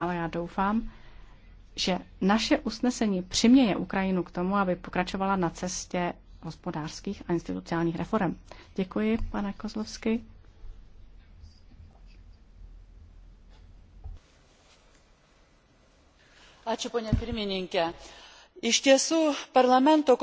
ale já doufám, že naše usnesení přiměje Ukrajinu k tomu, aby pokračovala na cestě hospodářských a institucionálních reform. Děkuji, pane Kozlovsky. Ačiū, ponia pirmininkė. Iš tiesų, parlamento